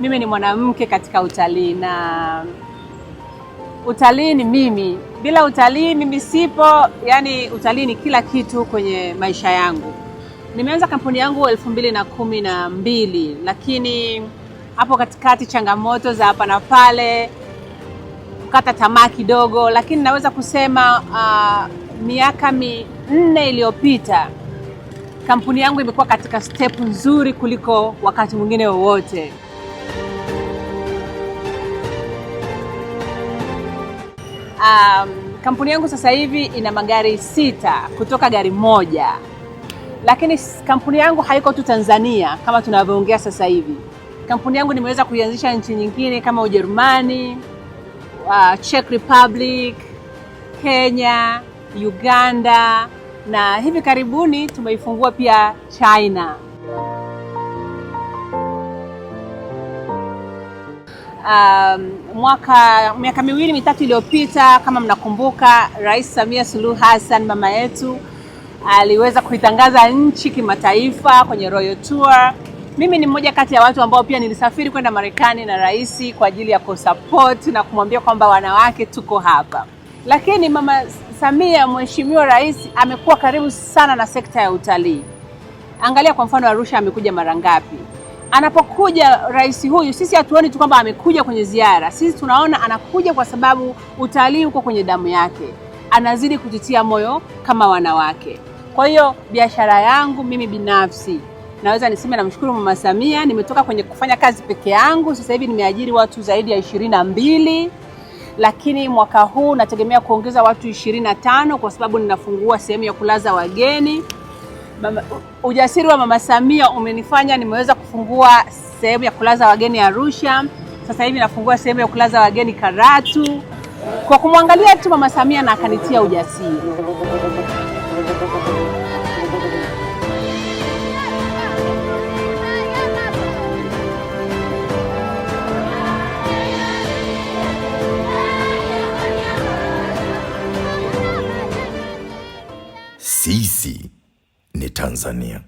mimi ni mwanamke katika utalii na utalii ni mimi, bila utalii mimi sipo. Yani utalii ni kila kitu kwenye maisha yangu. Nimeanza kampuni yangu elfu mbili na kumi na mbili lakini hapo katikati changamoto za hapa na pale, kukata tamaa kidogo, lakini naweza kusema uh, miaka minne iliyopita kampuni yangu imekuwa katika step nzuri kuliko wakati mwingine wowote. Um, kampuni yangu sasa hivi ina magari sita kutoka gari moja, lakini kampuni yangu haiko tu Tanzania kama tunavyoongea sasa hivi. Kampuni yangu nimeweza kuianzisha nchi nyingine kama Ujerumani, uh, Czech Republic, Kenya, Uganda na hivi karibuni tumeifungua pia China. um, mwaka miaka miwili mitatu iliyopita, kama mnakumbuka, Rais Samia Suluhu Hassan mama yetu aliweza kuitangaza nchi kimataifa kwenye Royal Tour. Mimi ni mmoja kati ya watu ambao pia nilisafiri kwenda Marekani na rais kwa ajili ya kusupport na kumwambia kwamba wanawake tuko hapa. Lakini mama Samia, mheshimiwa rais, amekuwa karibu sana na sekta ya utalii. Angalia kwa mfano Arusha amekuja mara ngapi? anapokuja rais huyu, sisi hatuoni tu kwamba amekuja kwenye ziara, sisi tunaona anakuja kwa sababu utalii uko kwenye damu yake, anazidi kujitia moyo kama wanawake. Kwa hiyo biashara yangu mimi binafsi naweza niseme namshukuru Mama Samia. Nimetoka kwenye kufanya kazi peke yangu, sasa hivi nimeajiri watu zaidi ya ishirini na mbili, lakini mwaka huu nategemea kuongeza watu ishirini na tano kwa sababu ninafungua sehemu ya kulaza wageni. Mama, ujasiri wa Mama Samia umenifanya nimeweza kufungua sehemu ya kulaza wageni Arusha. Sasa hivi nafungua sehemu ya kulaza wageni Karatu, kwa kumwangalia tu Mama Samia na akanitia ujasiri. Sisi ni Tanzania.